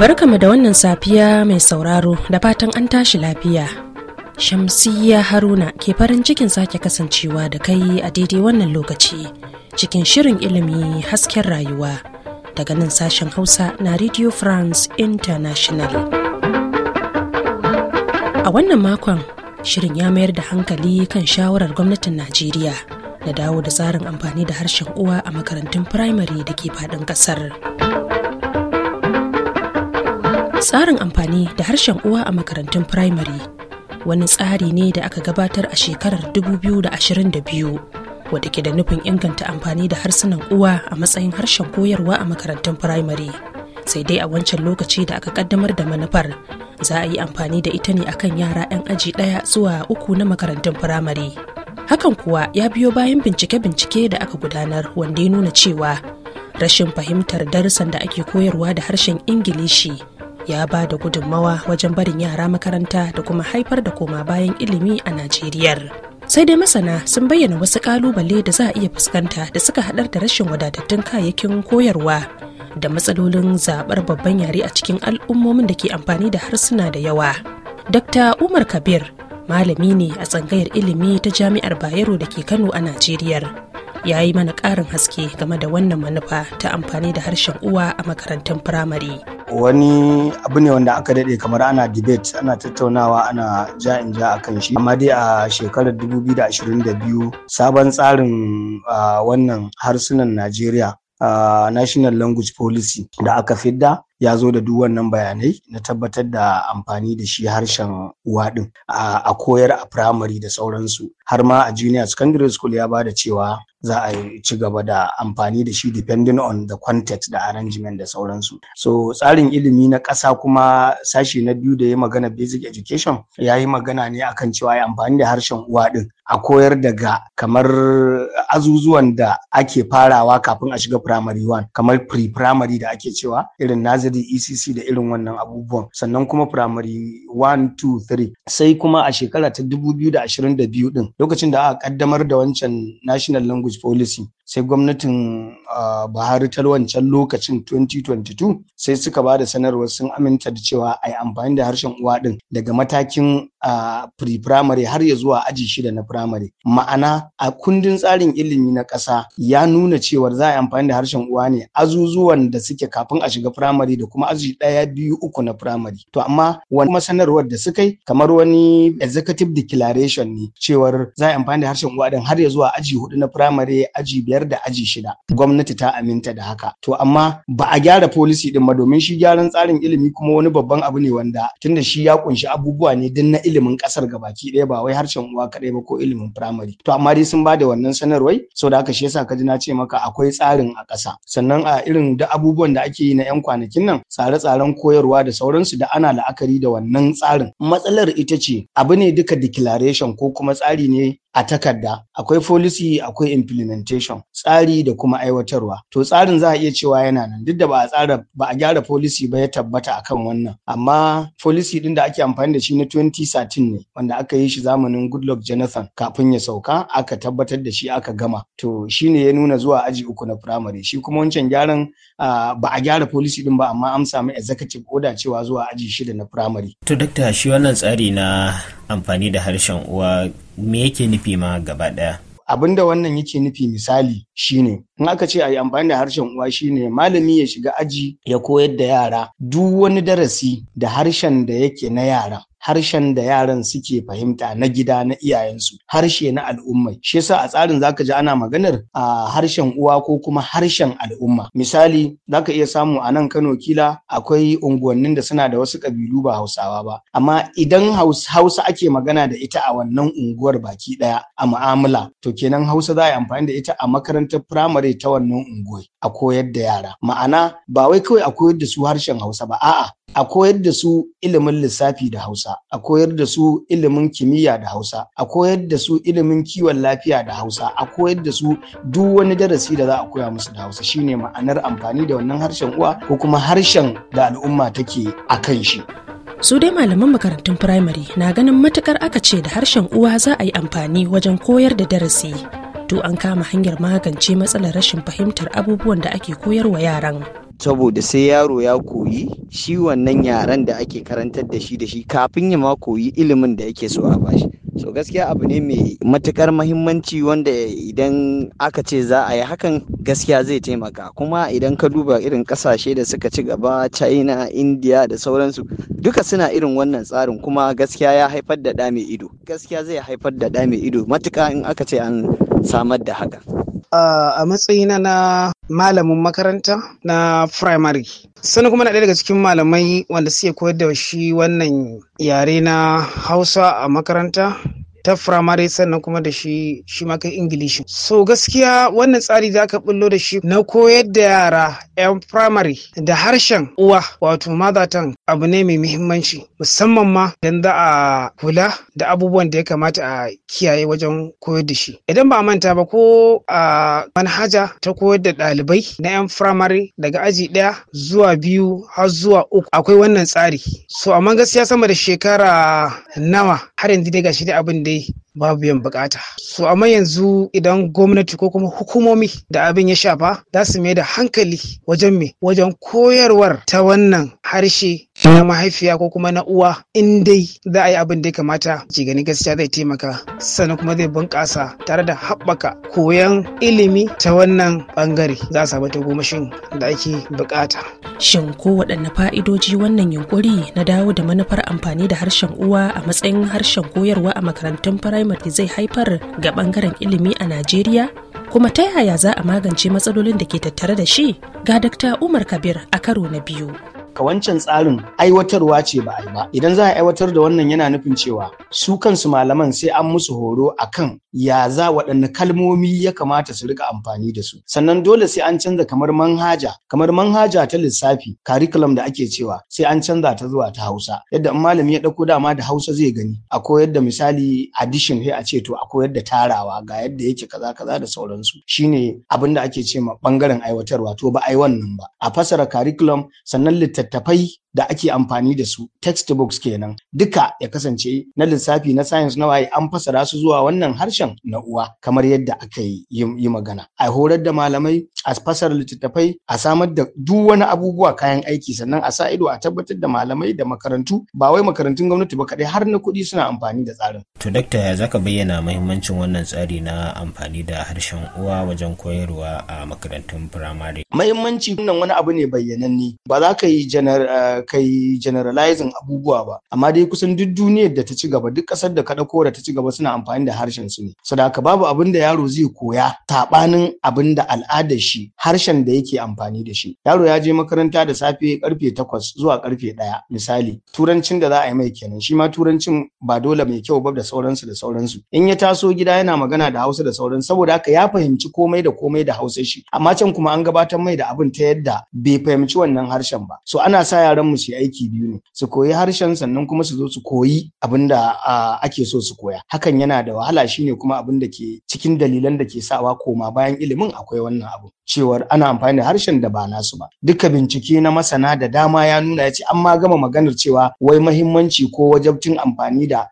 Barkamu da wannan safiya mai sauraro da fatan an tashi lafiya. Shamsiyya Haruna ke farin cikin sake kasancewa da kai a daidai wannan lokaci cikin shirin ilimi hasken rayuwa daga nan sashen Hausa na Radio France International. A wannan makon shirin ya mayar da hankali kan shawarar gwamnatin Najeriya Na dawo da tsarin amfani da harshen uwa a makarantun firamare da ke faɗin ƙasar. Tsarin amfani da harshen uwa a makarantun firamare wani tsari ne da aka gabatar a shekarar 2022 wadda ke da nufin inganta amfani da harsunan uwa a matsayin harshen koyarwa a makarantun firamare. Sai dai a wancan lokaci da aka kaddamar da manufar za a yi amfani da ita ne akan yara 'yan aji ɗaya zuwa uku na makarantun firamare. hakan kuwa ya biyo bayan bincike-bincike da aka gudanar wanda ya nuna cewa rashin fahimtar darussan da ake koyarwa da harshen ingilishi ya ba da gudunmawa wajen barin yara makaranta da kuma haifar da koma bayan ilimi a Najeriya. sai dai masana sun bayyana wasu kalubale da za a iya fuskanta da suka haɗar da rashin wadatattun kayayyakin koyarwa da matsalolin zaɓar babban yare a cikin al'ummomin da ke amfani da harsuna da yawa dr umar kabir malami ne a tsangayar ilimi ta jami'ar bayero da ke kano a najeriya ya yi mana ƙarin haske game da wannan manufa ta amfani da harshen uwa a makarantun firamare wani abu ne wanda aka daɗe kamar ana debate ana tattaunawa ana ja in ja akan shi amma dai a shekarar 2022 sabon tsarin wannan harsunan najeriya national language policy da aka fidda ya zo da duk wannan bayanai na tabbatar da amfani da shi harshen uwa din a koyar a firamare da sauransu har ma a junior secondary school ya bada cewa za a ci gaba da amfani da shi depending on the context da arrangement da sauransu so tsarin ilimi na ƙasa kuma sashi na biyu da ya magana basic education ya yi magana ne akan cewa ya amfani da harshen uwa din a koyar daga kamar azuzuwan da ake farawa kafin a shiga primary one kamar pre-primary da ake cewa irin nazir da ECC da irin wannan abubuwan sannan kuma primary 1 2 3 sai kuma a shekara ta 2022 din lokacin da aka kaddamar da wancan National Language Policy sai gwamnatin Buhari ta wancan lokacin 2022 sai suka ba da sanarwar sun aminta da cewa a yi amfani da harshen uwa din daga matakin a pre-primary har ya zuwa aji shida na primary ma'ana a kundin tsarin ilimi na ƙasa ya nuna cewar za a yi amfani da harshen uwa ne azuzuwan da suke kafin a shiga primary da kuma aji ɗaya biyu uku na primary to amma wani masanarwar da suka yi kamar wani executive declaration ne cewar za a yi amfani da harshen uwa din har ya zuwa aji hudu na primary aji biyar da aji shida gwamnati ta aminta da haka to amma ba a gyara policy din ba domin shi gyaran tsarin ilimi kuma wani babban abu ne wanda tunda shi ya kunshi abubuwa ne din na ilimi ilimin kasar baki ɗaya ba wai harshen uwa kaɗai ba ko ilimin firamare to amma dai sun ba da wannan sanarwai saboda haka shi yasa ka ji na ce maka akwai tsarin a ƙasa sannan a irin da abubuwan da ake yi na 'yan kwanakin nan tsare-tsaren koyarwa da sauransu da ana la'akari da wannan tsarin matsalar ita ce abu ne duka declaration ko kuma tsari ne a takarda akwai policy akwai implementation tsari da kuma aiwatarwa to tsarin za a iya cewa yana nan duk da ba a tsara ba a gyara policy ba ya tabbata akan wannan amma policy din da ake amfani da shi na 2013 ne wanda aka yi shi zamanin goodluck jonathan kafin ya sauka aka tabbatar da shi aka gama to shine ya nuna zuwa aji uku na primary shi kuma wancan gyaran ba a gyara policy din ba amma an samu executive order cewa zuwa aji shida na primary to dr shi wannan tsari na amfani da harshen uwa me yake nufi ma gaba ɗaya? abin da wannan yake nufi misali shine in aka ce a yi amfani da harshen uwa shine malami ya shiga aji ya koyar da yara duk wani darasi da harshen da yake na yara harshen da yaran suke fahimta na gida na iyayensu harshe na al'umma shi yasa a tsarin zaka ji ana maganar a harshen uwa ko kuma harshen al'umma misali zaka iya samu a nan Kano kila akwai unguwannin da suna da wasu kabilu ba Hausawa ba amma idan Hausa ake magana da ita a wannan unguwar baki daya a mu'amala to kenan Hausa za a yi amfani da ita a makarantar firamare ta wannan unguwar a koyar da yara ma'ana ba wai kawai a koyar da su harshen Hausa ba a'a a koyar da su ilimin lissafi da Hausa Hausa, a koyar da su ilimin kimiyya da Hausa, a koyar da su ilimin kiwon lafiya da Hausa, a koyar da su duk wani darasi da za a koya musu da Hausa shine ma'anar amfani da wannan harshen uwa ko kuma harshen da al'umma take a kan shi. su dai malaman makarantun firamare na ganin matukar aka ce da harshen uwa za a yi amfani wajen koyar da darasi to an kama hanyar magance matsalar rashin fahimtar abubuwan da ake koyarwa yaran saboda sai yaro ya koyi shi wannan yaren da ake karantar da shi da shi kafin ya ma koyi ilimin da yake so a bashi so gaskiya abu ne mai matukar mahimmanci wanda idan aka ce za a yi hakan gaskiya zai taimaka kuma idan ka duba irin kasashe da suka ci gaba china india da sauransu duka suna irin wannan tsarin kuma gaskiya ya haifar da ɗa mai ido gaskiya zai haifar da ɗa mai ido matuka in aka ce an samar da haka Uh, a matsayina na malamin makaranta na primary sani kuma na ɗaya daga cikin malamai wanda suke koyar da shi wannan yare na hausa a makaranta ta firamare sannan kuma da shi shi ma kai ingilishi so gaskiya wannan tsari da aka bullo da shi na koyar da yara 'yan firamare da harshen uwa wato mazatan abu ne mai muhimmanci musamman ma idan za a kula da abubuwan da ya kamata a kiyaye wajen koyar da shi idan ba a manta ba ko a manhaja ta koyar da ɗalibai na 'yan firamare daga aji ɗaya zuwa biyu har zuwa uku akwai wannan tsari so amma gaskiya sama da shekara nawa har yanzu dai gashi da abin da aure babu biyan bukata. So amma yanzu idan gwamnati ko kuma hukumomi da abin ya shafa za su mai da hankali wajen me wajen koyarwar ta wannan harshe na mahaifiya ko kuma na uwa in dai za a yi abin da ya kamata ci gani gaskiya zai taimaka sannan kuma zai bunƙasa tare da haɓaka koyon ilimi ta wannan ɓangare za a samu tagomashin da ake buƙata. Shin ko waɗanne fa'idoji wannan yunƙuri na dawo da manufar amfani da harshen uwa a matsayin harshen koyarwa a makarantun firamare zai haifar ga ɓangaren ilimi a Najeriya? kuma ta yaya za a magance matsalolin da ke tattare da shi ga Dr. Umar Kabir a karo na biyu. ka wancan tsarin aiwatarwa ce ba a yi ba idan za a aiwatar da wannan yana nufin cewa su kansu malaman sai an musu horo akan ya za waɗanne kalmomi ya kamata su rika amfani da su sannan dole sai an canza kamar manhaja kamar manhaja ta lissafi curriculum da ake cewa sai an canza ta zuwa ta hausa yadda in malami ya ɗauko dama da hausa zai gani a koyar da misali addition sai a ce to a koyar da tarawa ga yadda yake kaza kaza da sauransu shine abin da ake ce ma bangaren aiwatarwa to ba ai wannan ba a fasara curriculum sannan littattafai littattafai da ake amfani da su textbooks kenan duka ya kasance na lissafi na science na waye an fasara su zuwa wannan harshen na uwa kamar yadda aka yi magana a horar da malamai a fasara littattafai a samar da duk wani abubuwa kayan aiki sannan a sa ido a tabbatar da malamai da makarantu ba wai makarantun gwamnati ba kadai har na kuɗi suna amfani da tsarin to dakta zaka bayyana mahimmancin wannan tsari na amfani da harshen uwa wajen koyarwa a makarantun firamare Muhimmanci wannan wani abu ne bayyananne ba za ka yi janar eh, kai generalizing abubuwa ba amma dai kusan duk duniyar da ta ci gaba duk ƙasar da ka ɗauko da ta ci gaba suna amfani da harshen su ne so da haka babu abin da yaro zai koya tabanin abin da al'adar shi harshen da yake amfani da shi yaro ya je makaranta da safe karfe takwas zuwa karfe ɗaya misali turancin da za a yi mai kenan shi ma turancin ba dole mai kyau ba da sauransu da sauransu in ya taso gida yana magana da hausa da sauran saboda haka ya fahimci komai da komai da hausa shi amma can kuma an gabatar mai da abin ta yadda bai fahimci wannan harshen ba so ana sa yaran mu su aiki biyu ne su koyi harshen sannan kuma su zo su koyi abin da ake so su koya hakan yana da wahala shine kuma abin da ke cikin dalilan da ke sawa koma bayan ilimin akwai wannan abu cewar ana amfani da harshen da ba nasu ba duka bincike na masana da dama ya nuna ya ce an ma gama maganar cewa wai mahimmanci ko wajabcin amfani da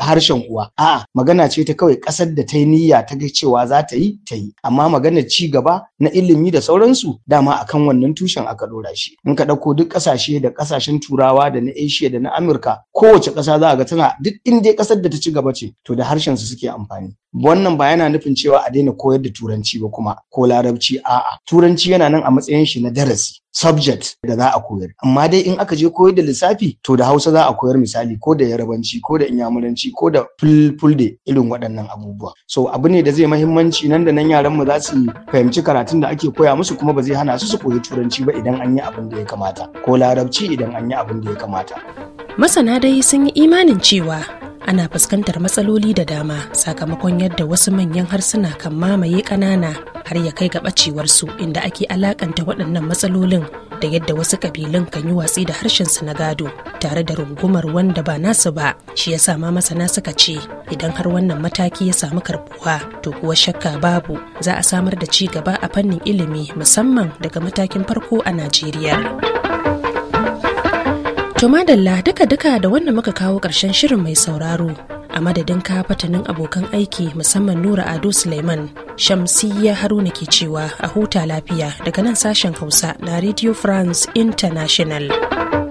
harshen uwa a'a magana ce ta kawai kasar da ta yi niyya ta ga cewa za ta yi ta yi amma maganar ci gaba na ilimi da sauransu dama akan wannan tushen aka dora shi in ka ɗauko duk ƙasashe da ƙasashen turawa da na asia da na amurka kowace ƙasa za ga tana duk inda dai ƙasar da ta ci gaba ce to da harshen su suke amfani wannan ba yana nufin cewa a daina koyar da turanci ba kuma ko larabci a'a turanci yana nan a matsayin shi na darasi subject da za a koyar amma dai in aka je koyar da lissafi to da hausa za a koyar misali ko da yarabanci ko da inyamuranci ko da fulfulde irin waɗannan abubuwa so abu ne da zai mahimmanci nan da nan yaran mu za su fahimci karatun da ake koya musu kuma ba zai hana su su koyi turanci ba idan an yi abin da ya kamata ko larabci idan an yi abin da ya kamata masana dai sun yi imanin cewa ana fuskantar matsaloli da dama sakamakon yadda wasu manyan harsuna kan mamaye ƙanana har ya kai ga ɓacewarsu inda ake alakanta waɗannan matsalolin da yadda wasu kabilun kan yi watsi da harshensu na gado tare da rungumar wanda ba nasu ba shi ya sama masana suka ce idan har wannan mataki ya samu karbuwa to kuwa shakka babu za a samar da ci gaba a fannin ilimi musamman daga matakin farko a najeriya To madalla duka-duka da wannan muka kawo ƙarshen shirin mai sauraro. A madadin ka fatanin abokan aiki musamman Nura Ado Suleiman, Shamsiyya Haruna ke cewa a huta lafiya daga nan sashen Hausa na Radio France International.